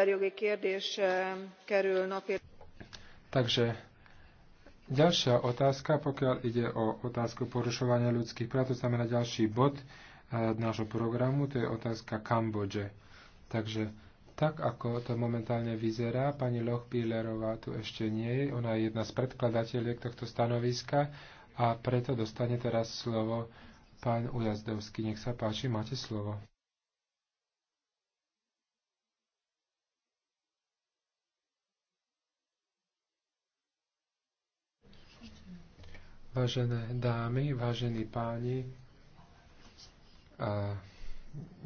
emberjogi kérdés eh, kerül napirendre. Takže ďalšia otázka, pokiaľ ide o otázku porušovania ľudských práv, to znamená ďalší bod eh, nášho programu, to je otázka Kambodže. Takže tak, ako to momentálne vyzerá, pani Lochbílerová tu ešte nie je, ona je jedna z predkladateľiek tohto stanoviska a preto dostane teraz slovo pán Ujazdovský. Nech sa páči, máte slovo. Vážené dámy, vážení páni,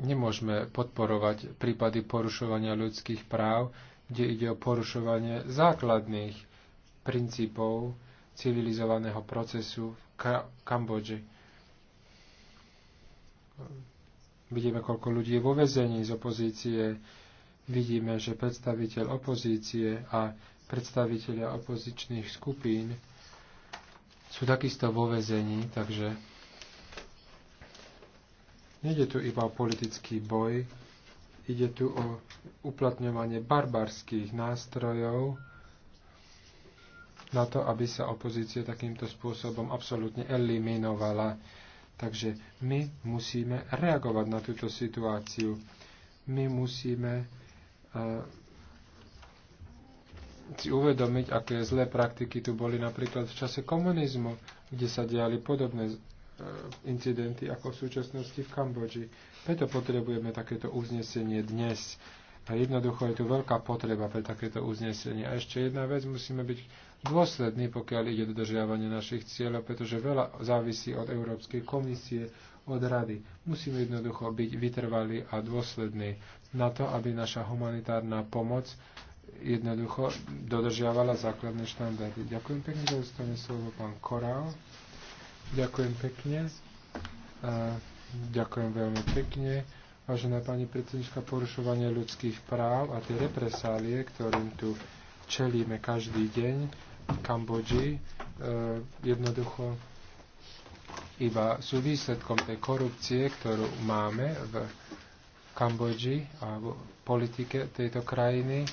nemôžeme podporovať prípady porušovania ľudských práv, kde ide o porušovanie základných princípov civilizovaného procesu v Kambodži. Vidíme, koľko ľudí je vo vezení z opozície, vidíme, že predstaviteľ opozície a predstaviteľa opozičných skupín sú takisto vo vezení, takže nejde tu iba o politický boj, ide tu o uplatňovanie barbarských nástrojov na to, aby sa opozícia takýmto spôsobom absolútne eliminovala. Takže my musíme reagovať na túto situáciu. My musíme uh, si uvedomiť, aké zlé praktiky tu boli napríklad v čase komunizmu, kde sa diali podobné e, incidenty ako v súčasnosti v Kambodži. Preto potrebujeme takéto uznesenie dnes. A jednoducho je tu veľká potreba pre takéto uznesenie. A ešte jedna vec, musíme byť dôslední, pokiaľ ide dodržiavanie našich cieľov, pretože veľa závisí od Európskej komisie, od rady. Musíme jednoducho byť vytrvalí a dôslední na to, aby naša humanitárna pomoc jednoducho dodržiavala základné štandardy. Ďakujem pekne za dostane slovo pán Korál. Ďakujem pekne. A ďakujem veľmi pekne. Vážená pani predsednička, porušovanie ľudských práv a tie represálie, ktorým tu čelíme každý deň v Kambodži, e, jednoducho iba sú výsledkom tej korupcie, ktorú máme v Kambodži a v politike tejto krajiny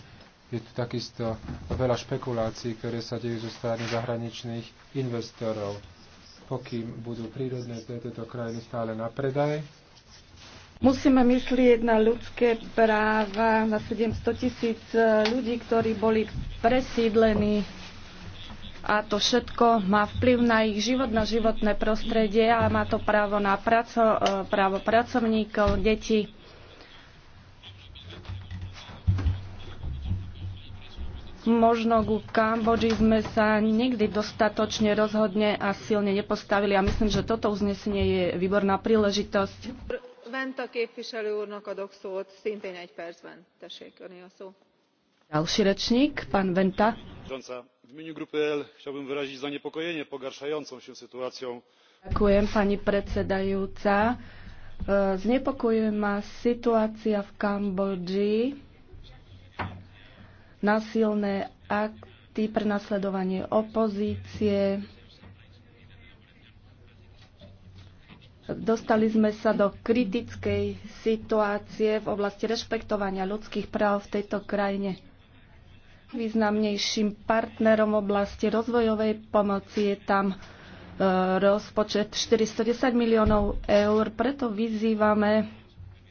je tu takisto veľa špekulácií, ktoré sa dejú zo strany zahraničných investorov. Pokým budú prírodné tieto krajiny stále na predaj, Musíme myslieť na ľudské práva, na 700 tisíc e, ľudí, ktorí boli presídlení a to všetko má vplyv na ich život, na životné prostredie a má to právo na praco, e, právo pracovníkov, deti. Možno ku Kambodži sme sa nikdy dostatočne rozhodne a silne nepostavili a myslím, že toto uznesenie je výborná príležitosť. Venta képviselő úrnak adok szót, szintén egy percben. Tessék, öné a szó. Ďalší rečník, pán Venta. V imieniu grupy L chciałbym wyrazić zaniepokojenie pogarszającą się sytuacją. Ďakujem, pani predsedajúca. E, znepokojuje ma situácia v Kambodži násilné akty, prenasledovanie opozície. Dostali sme sa do kritickej situácie v oblasti rešpektovania ľudských práv v tejto krajine. Významnejším partnerom v oblasti rozvojovej pomoci je tam e, rozpočet 410 miliónov eur. Preto vyzývame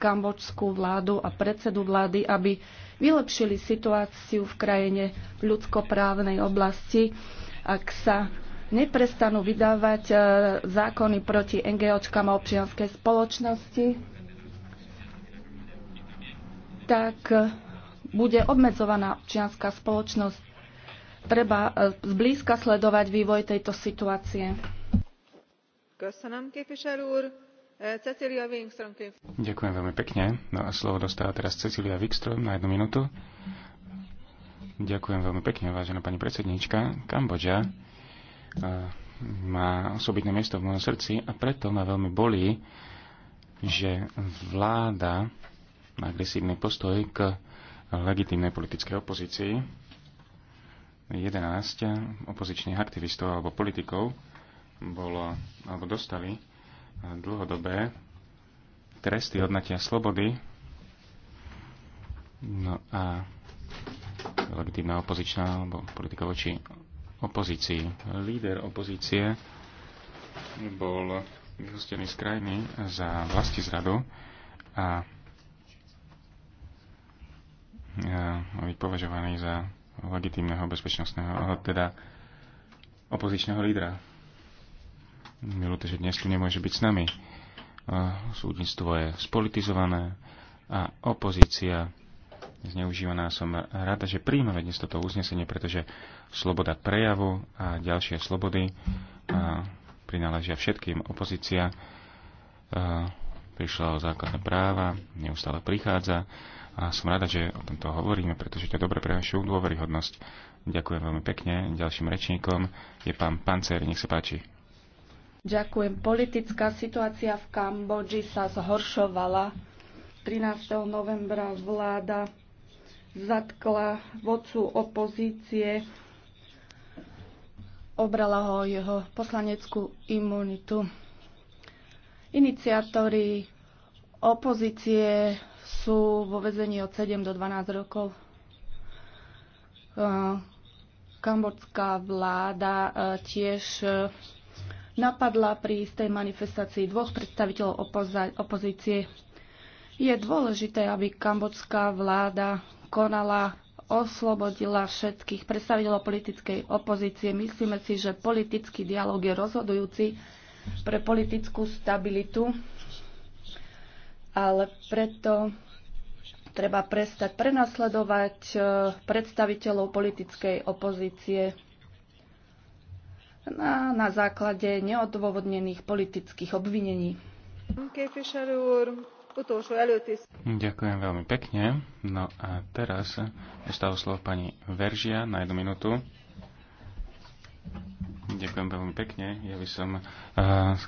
kambočskú vládu a predsedu vlády, aby vylepšili situáciu v krajine v ľudskoprávnej oblasti, ak sa neprestanú vydávať e, zákony proti NGOčkám a občianskej spoločnosti, tak e, bude obmedzovaná občianská spoločnosť. Treba e, zblízka sledovať vývoj tejto situácie. Köszönöm, képviselő úr! Ďakujem veľmi pekne. No a slovo dostáva teraz Cecilia Wikström na jednu minútu. Ďakujem veľmi pekne, vážená pani predsedníčka. Kambodža eh, má osobitné miesto v mojom srdci a preto ma veľmi bolí, že vláda má agresívny postoj k legitímnej politickej opozícii. 11 opozičných aktivistov alebo politikov bolo, alebo dostali dlhodobé tresty odnatia slobody. No a legitímna opozičná alebo politika voči opozícii. Líder opozície bol vyhostený z krajiny za vlasti zradu a byť považovaný za legitímneho bezpečnostného, teda opozičného lídra ľúto, že dnes tu nemôže byť s nami. Súdnictvo je spolitizované a opozícia zneužívaná. Som rada, že príjmame dnes toto uznesenie, pretože sloboda prejavu a ďalšie slobody a prináležia všetkým. Opozícia prišla o základné práva, neustále prichádza a som rada, že o tomto hovoríme, pretože to je dobre pre našu dôveryhodnosť. Ďakujem veľmi pekne. Ďalším rečníkom je pán Pancer, nech sa páči. Ďakujem. Politická situácia v Kambodži sa zhoršovala. 13. novembra vláda zatkla vodcu opozície, obrala ho jeho poslaneckú imunitu. Iniciátori opozície sú vo vezení od 7 do 12 rokov. Kambodská vláda eh, tiež eh, napadla pri istej manifestácii dvoch predstaviteľov opozície. Je dôležité, aby kambodská vláda konala, oslobodila všetkých predstaviteľov politickej opozície. Myslíme si, že politický dialog je rozhodujúci pre politickú stabilitu, ale preto treba prestať prenasledovať eh, predstaviteľov politickej opozície na, na základe neodôvodnených politických obvinení. Ďakujem veľmi pekne. No a teraz dostávam slovo pani Veržia na jednu minútu. Ďakujem veľmi pekne. Ja by som uh,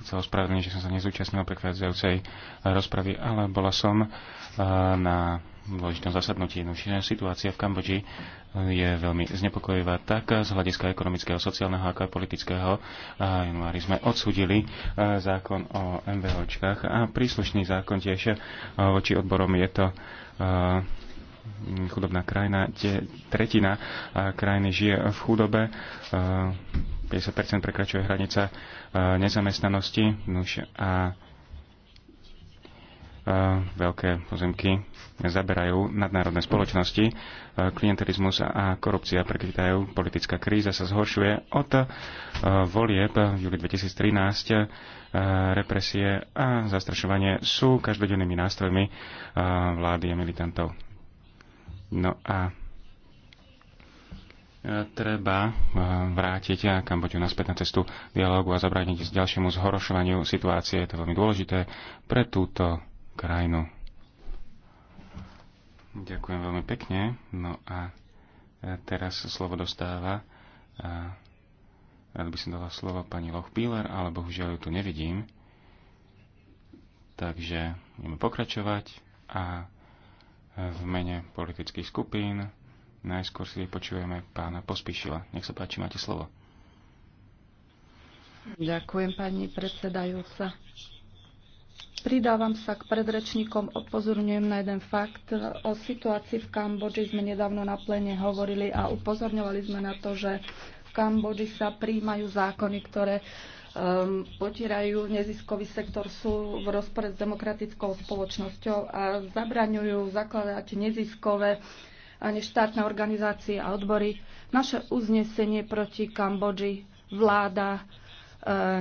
chcel ospravedlniť, že som sa nezúčastnil prechádzajúcej eh, rozpravy, ale bola som uh, na dôležitom zasadnutí. Nušia situácia v Kambodži je veľmi znepokojivá tak z hľadiska ekonomického, sociálneho, ako aj politického. A januári sme odsudili e, zákon o MVOčkách a príslušný zákon tiež e, voči odborom je to e, chudobná krajina, kde tretina krajiny žije v chudobe. 50% prekračuje hranica nezamestnanosti. Nuž a veľké pozemky zaberajú nadnárodné spoločnosti. Klientelizmus a korupcia prekvitajú, politická kríza sa zhoršuje od e, volieb v júli 2013. E, represie a zastrašovanie sú každodennými nástrojmi e, vlády a militantov. No a treba vrátiť Kambodžu naspäť na cestu dialogu a zabrániť ďalšiemu zhorošovaniu situácie. Je to veľmi dôležité pre túto krajinu. Ďakujem veľmi pekne. No a e, teraz slovo dostáva a e, rád by som dala slovo pani Lochpíler, ale bohužiaľ ju tu nevidím. Takže budeme pokračovať a e, v mene politických skupín najskôr si vypočujeme pána Pospíšila. Nech sa páči, máte slovo. Ďakujem, pani predsedajúca. Pridávam sa k predrečníkom, upozorňujem na jeden fakt. O situácii v Kambodži sme nedávno na plene hovorili a upozorňovali sme na to, že v Kambodži sa príjmajú zákony, ktoré um, potierajú neziskový sektor, sú v rozpore s demokratickou spoločnosťou a zabraňujú zakladať neziskové a neštátne organizácie a odbory. Naše uznesenie proti Kambodži vláda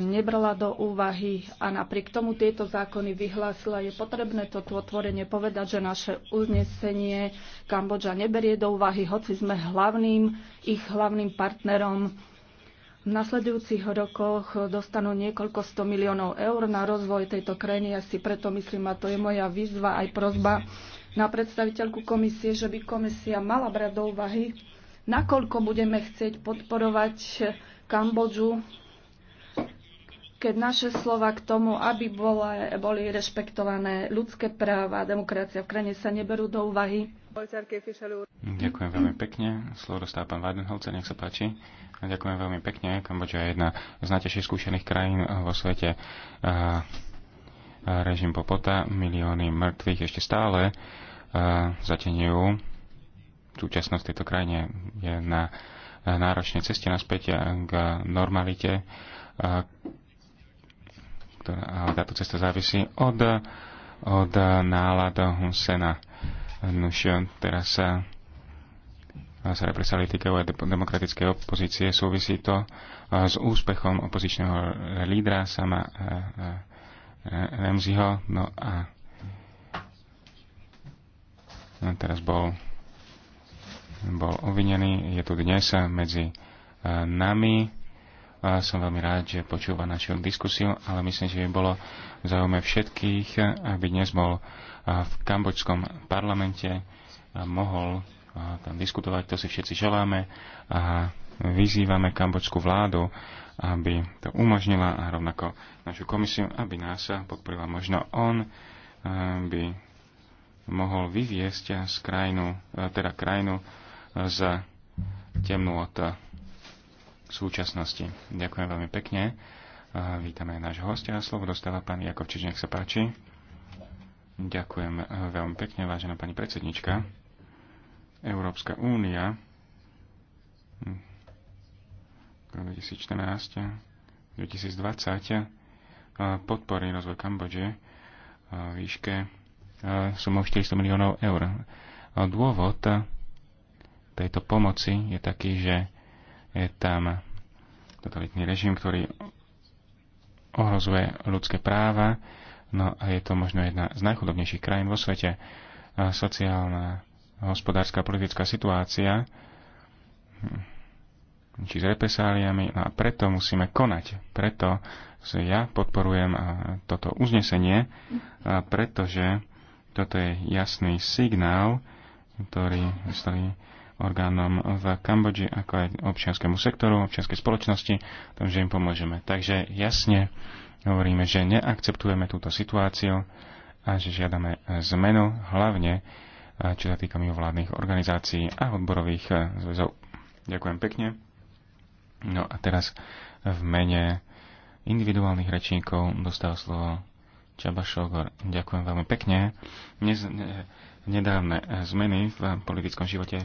nebrala do úvahy a napriek tomu tieto zákony vyhlásila. Je potrebné toto otvorenie povedať, že naše uznesenie Kambodža neberie do úvahy, hoci sme hlavným, ich hlavným partnerom. V nasledujúcich rokoch dostanú niekoľko sto miliónov eur na rozvoj tejto krajiny. Ja si preto myslím, a to je moja výzva aj prozba na predstaviteľku komisie, že by komisia mala brať do úvahy, nakoľko budeme chcieť podporovať Kambodžu keď naše slova k tomu, aby bola, boli rešpektované ľudské práva a demokracia v krajine sa neberú do úvahy. Ďakujem veľmi pekne. Slovo dostáva pán Weidenholzer, nech sa páči. A ďakujem veľmi pekne. Kambodža je jedna z najtežších skúšených krajín vo svete. A, a režim popota, milióny mŕtvych ešte stále zatenujú súčasnosť tejto krajine je na náročnej ceste naspäť k normalite, ktorá, táto cesta závisí od, od nálad Hunsena. Nušio, teraz eh, sa sa represali týkajú aj demokratické opozície. Súvisí to eh, s úspechom opozičného lídra sama eh, Remziho. No a no, teraz bol, bol obvinený. Je tu dnes medzi nami. A som veľmi rád, že počúva našu diskusiu, ale myslím, že by bolo v záujme všetkých, aby dnes bol v kambočskom parlamente a mohol tam diskutovať, to si všetci želáme a vyzývame kambočskú vládu, aby to umožnila a rovnako našu komisiu, aby nás podporila. Možno on by mohol vyviesť z krajinu, e, teda krajinu e, z temnú od v súčasnosti. Ďakujem veľmi pekne. Vítame aj nášho hostia. Slovo dostáva pán Jakovčič, nech sa páči. Ďakujem veľmi pekne, vážená pani predsednička. Európska únia 2014-2020 podporí rozvoj Kambodže výške e, sumou 400 miliónov eur. Dôvod tejto pomoci je taký, že je tam totalitný režim, ktorý ohrozuje ľudské práva, no a je to možno jedna z najchudobnejších krajín vo svete. A sociálna, hospodárska, politická situácia, hm, či s represáliami, no a preto musíme konať. Preto ja podporujem toto uznesenie, pretože toto je jasný signál, ktorý, ktorý orgánom v Kambodži, ako aj občianskému sektoru, občianskej spoločnosti, tom, že im pomôžeme. Takže jasne hovoríme, že neakceptujeme túto situáciu a že žiadame zmenu, hlavne eh, čo sa týka mimovládnych organizácií a odborových eh, zväzov. Ďakujem pekne. No a teraz v mene individuálnych rečníkov dostal slovo Čaba Šogor. Ďakujem veľmi pekne. Eh, nedávne zmeny v politickom živote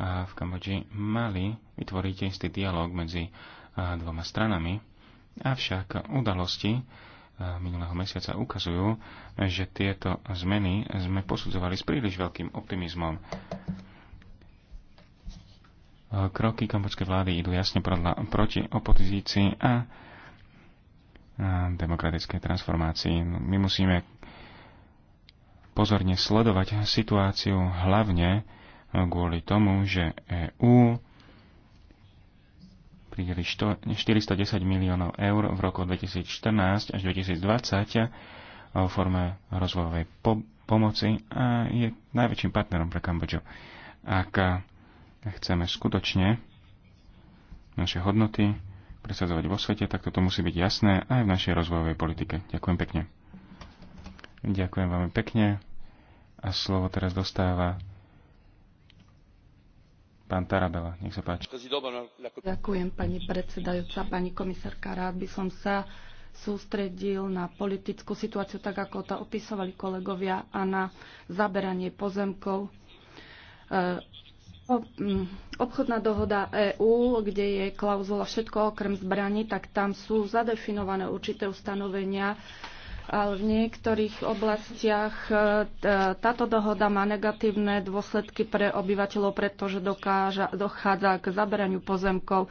v Kambodži mali vytvoriť istý dialog medzi dvoma stranami, avšak udalosti minulého mesiaca ukazujú, že tieto zmeny sme posudzovali s príliš veľkým optimizmom. Kroky kambodskej vlády idú jasne proti opozícii a demokratickej transformácii. No, my musíme pozorne sledovať situáciu hlavne kvôli tomu, že EÚ prideli 410 miliónov eur v roku 2014 až 2020 e, vo forme rozvojovej pomoci a je najväčším partnerom pre Kambodžu. Ak e, chceme skutočne naše hodnoty presadzovať vo svete, tak toto musí byť jasné aj v našej rozvojovej politike. Ďakujem pekne. Ďakujem veľmi pekne a slovo teraz dostáva Pán Tarabela, nech sa páči. Ďakujem, pani predsedajúca, pani komisárka. Rád by som sa sústredil na politickú situáciu, tak ako to opisovali kolegovia, a na zaberanie pozemkov. E, obchodná dohoda EÚ, kde je klauzula všetko okrem zbraní, tak tam sú zadefinované určité ustanovenia, ale v niektorých oblastiach e, táto dohoda má negatívne dôsledky pre obyvateľov, pretože dokáža, dochádza k zaberaniu pozemkov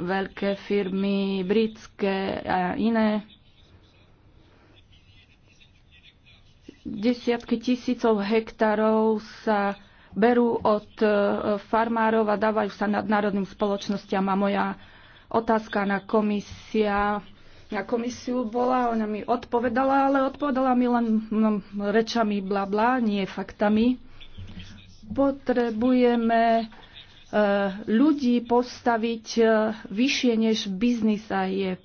veľké firmy britské a iné. Desiatky tisícov hektárov sa berú od e, farmárov a dávajú sa nadnárodným spoločnostiam. A moja otázka na komisia na komisiu bola, ona mi odpovedala, ale odpovedala mi len rečami bla bla, nie faktami. Potrebujeme e, ľudí postaviť e, vyššie než biznis a je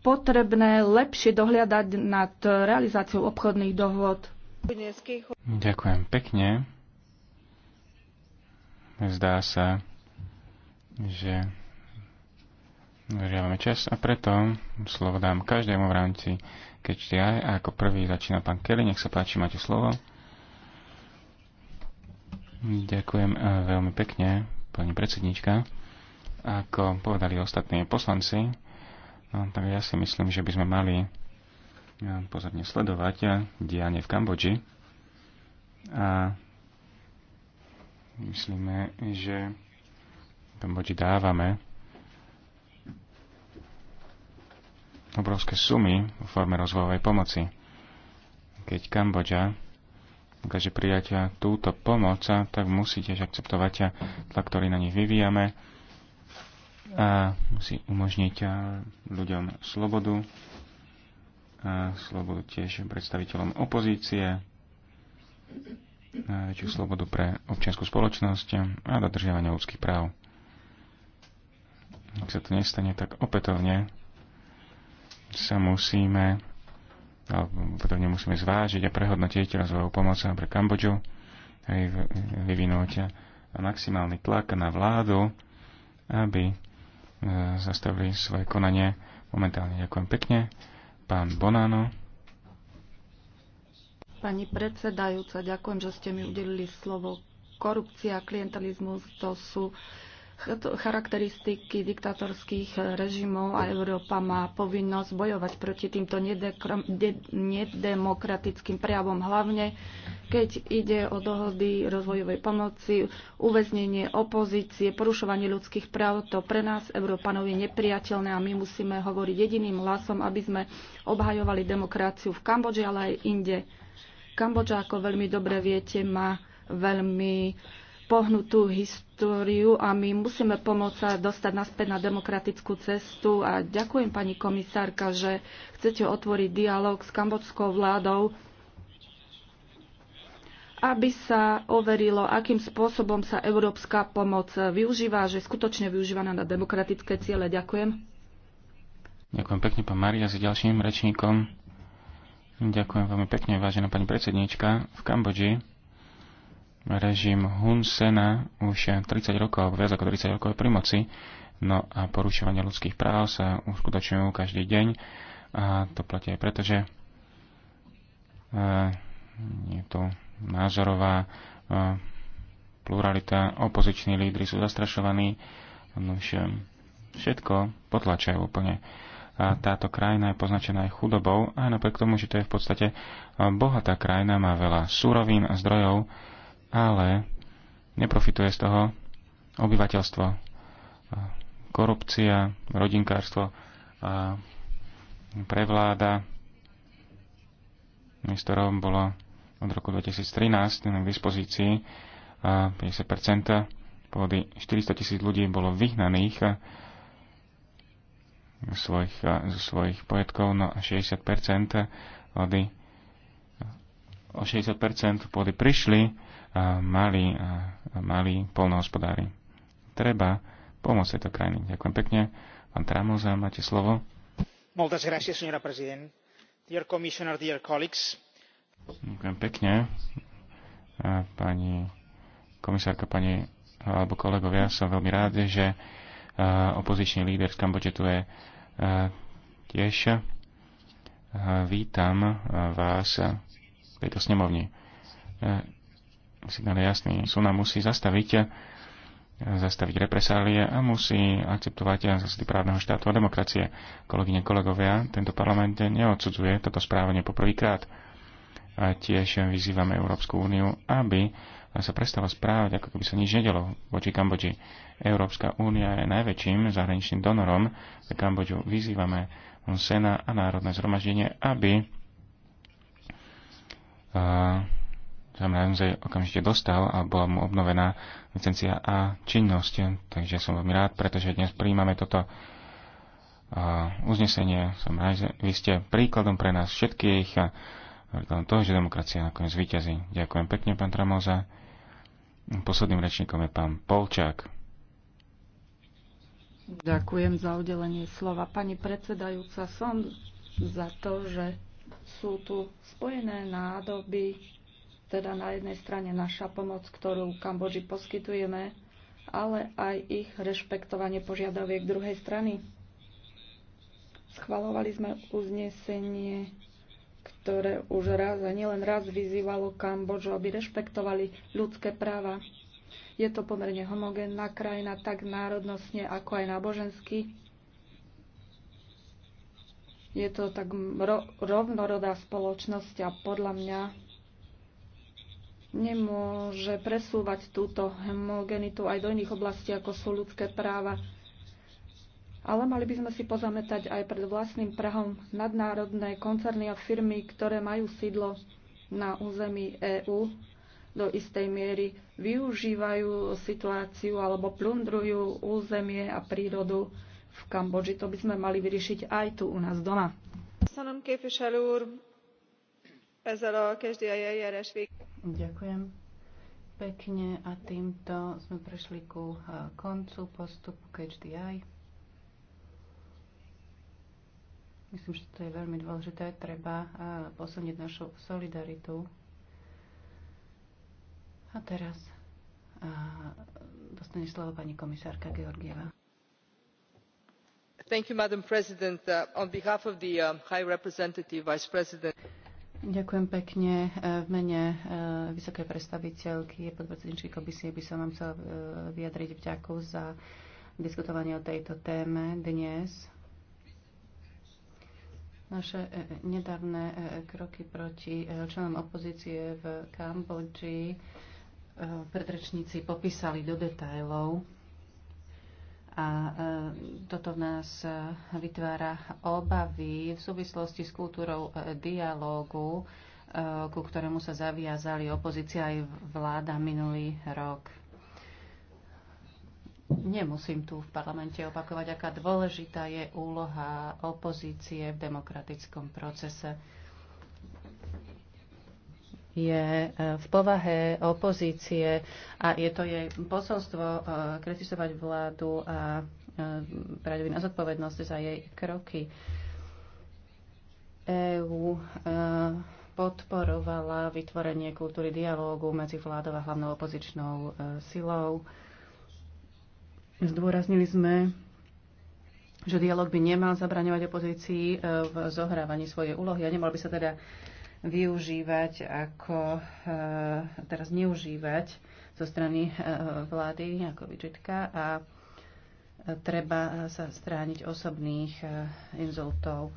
potrebné lepšie dohľadať nad realizáciou obchodných dohod. Ďakujem pekne. Zdá sa, že Žiavame čas a preto slovo dám každému v rámci keď a ako prvý začína pán Kelly. Nech sa páči, máte slovo. Ďakujem e, veľmi pekne, pani predsednička. Ako povedali ostatní poslanci, no, tak ja si myslím, že by sme mali e, pozorne sledovať e, dianie v Kambodži. A myslíme, že Kambodži dávame obrovské sumy v forme rozvojovej pomoci. Keď Kambodža ukáže prijať túto pomoc, tak musí tiež akceptovať tlak, ktorý na nich vyvíjame a musí umožniť ľuďom slobodu a slobodu tiež predstaviteľom opozície, väčšiu slobodu pre občianskú spoločnosť a dodržiavanie ľudských práv. Ak sa to nestane, tak opätovne sa musíme podobne musíme zvážiť a prehodnotiť rozvojovú pomoc pre Kambodžu, aj vyvinúť maximálny tlak na vládu, aby e, zastavili svoje konanie momentálne. Ďakujem pekne. Pán Bonano. Pani predsedajúca, ďakujem, že ste mi udelili slovo. Korupcia, klientalizmus, to sú charakteristiky diktatorských režimov a Európa má povinnosť bojovať proti týmto nedemokratickým prejavom, hlavne keď ide o dohody rozvojovej pomoci, uväznenie opozície, porušovanie ľudských práv. To pre nás, Európanov, je nepriateľné a my musíme hovoriť jediným hlasom, aby sme obhajovali demokraciu v Kambodži, ale aj inde. Kambodža, ako veľmi dobre viete, má veľmi pohnutú históriu a my musíme pomôcť sa dostať naspäť na demokratickú cestu. A ďakujem pani komisárka, že chcete otvoriť dialog s kambodskou vládou, aby sa overilo, akým spôsobom sa európska pomoc využíva, že je skutočne využívaná na demokratické ciele. Ďakujem. Ďakujem pekne, pán Maria, s ďalším rečníkom. Ďakujem veľmi pekne, vážená pani predsedníčka. V Kambodži režim Hun Sena už 30 rokov, viac ako 30 rokov je pri moci, no a porušovanie ľudských práv sa uskutočňujú každý deň a to platí aj preto, že eh, je tu názorová eh, pluralita, opoziční lídry sú zastrašovaní, no eh, všetko potlačajú úplne. A táto krajina je poznačená aj chudobou, aj napriek tomu, že to je v podstate bohatá krajina, má veľa súrovín a zdrojov, ale neprofituje z toho obyvateľstvo. Korupcia, rodinkárstvo prevláda, z bolo od roku 2013 k dispozícii 50 pôdy 400 tisíc ľudí bolo vyhnaných zo svojich, zo svojich pojetkov, no a 60 vody o 60 pôdy prišli malí, malí polnohospodári. Treba pomôcť tejto krajiny. Ďakujem pekne. Pán Tramoza, máte slovo. Moltes gracias, señora president. Dear commissioner, dear colleagues. Ďakujem pekne. Pani komisárka, pani alebo kolegovia, som veľmi rád, že opozičný líder z Kambodže tu je tiež. Vítam vás v tejto snemovni signál je jasný. Suna musí zastaviť, zastaviť represálie a musí akceptovať zásady právneho štátu a demokracie. Kolegyne, kolegovia, tento parlament neodsudzuje toto správanie poprvýkrát. A tiež vyzývame Európsku úniu, aby sa prestala správať, ako keby sa nič nedelo voči Kambodži. Európska únia je najväčším zahraničným donorom pre Kambodžu. Vyzývame Sena a Národné zhromaždenie, aby uh, znamená, že okamžite dostal a bola mu obnovená licencia a činnosť. Takže som veľmi rád, pretože dnes príjmame toto uznesenie. Som rád, vy ste príkladom pre nás všetkých a príkladom toho, že demokracia nakoniec vyťazí. Ďakujem pekne, pán Tramoza. Posledným rečníkom je pán Polčák. Ďakujem za udelenie slova. Pani predsedajúca, som za to, že sú tu spojené nádoby teda na jednej strane naša pomoc, ktorú Kambodži poskytujeme, ale aj ich rešpektovanie požiadaviek druhej strany. Schvalovali sme uznesenie, ktoré už raz a nielen raz vyzývalo Kambodžu, aby rešpektovali ľudské práva. Je to pomerne homogénna krajina, tak národnostne, ako aj nábožensky. Je to tak rovnorodá spoločnosť a podľa mňa nemôže presúvať túto homogenitu aj do iných oblastí, ako sú ľudské práva. Ale mali by sme si pozametať aj pred vlastným prahom nadnárodné koncerny a firmy, ktoré majú sídlo na území EÚ, do istej miery využívajú situáciu alebo plundrujú územie a prírodu v Kambodži. To by sme mali vyriešiť aj tu u nás doma. Köszönöm ezzel a Ďakujem pekne a týmto sme prešli ku eh, koncu postupu KHDI. Myslím, že to je veľmi dôležité. Treba eh, posunieť našu solidaritu. A teraz eh, dostane slovo pani komisárka Georgieva. Thank you, Madam President. Uh, on behalf of the uh, High Representative Vice President. Ďakujem pekne. E, v mene e, vysokej predstaviteľky a podpredsedničky komisie by som vám chcela e, vyjadriť vďaku za diskutovanie o tejto téme dnes. Naše nedávne kroky proti členom opozície v Kambodži predrečníci popísali do detajlov. A e, toto v nás e, vytvára obavy v súvislosti s kultúrou e, dialógu, ku ktorému sa zaviazali opozícia aj vláda minulý rok. Nemusím tu v parlamente opakovať, aká dôležitá je úloha opozície v demokratickom procese je e, v povahe opozície a je to jej posolstvo e, kritizovať vládu a e, brať na zodpovednosť za jej kroky. EÚ podporovala vytvorenie kultúry dialógu medzi vládou a hlavnou opozičnou silou. Zdôraznili sme, že dialog by nemal zabraňovať opozícii v zohrávaní svojej úlohy a nemal by sa teda využívať ako eh, teraz neužívať zo strany eh, vlády ako vyčitka a eh, treba sa strániť osobných inzultov.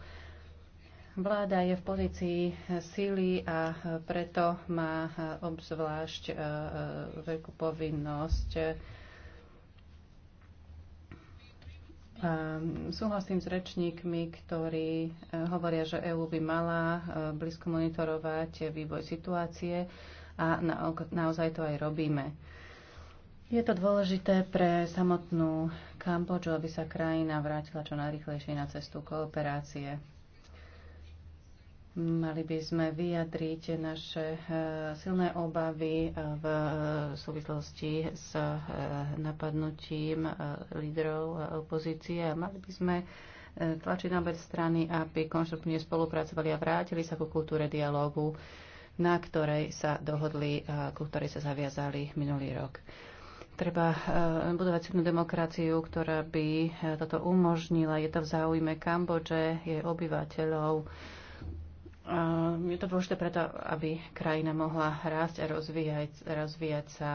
Vláda je v pozícii síly a preto má obzvlášť veľkú povinnosť Ehm, súhlasím s rečníkmi, ktorí eh, hovoria, že EÚ by mala eh, blízko monitorovať vývoj situácie a naozaj to aj robíme. Je to dôležité pre samotnú Kambodžu, aby sa krajina vrátila čo najrychlejšie na cestu kooperácie. Mali by sme vyjadriť naše e, silné obavy e, v e, súvislosti s napadnutím lídrov opozície a mali by sme tlačiť na obe strany, aby konštruktívne spolupracovali a vrátili sa ku kultúre dialógu, na ktorej sa dohodli a ku ktorej sa zaviazali minulý rok. Treba budovať silnú demokraciu, ktorá by toto umožnila. Je to v záujme Kambodže, jej obyvateľov, je to dôležité preto, aby krajina mohla rásť a rozvíjať, rozvíjať sa,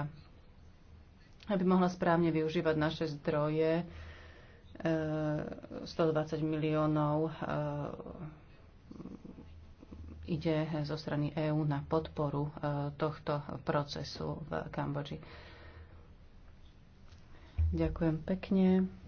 aby mohla správne využívať naše zdroje. 120 e, miliónov e, ide zo strany EÚ na podporu e, tohto procesu v Kambodži. Ďakujem pekne.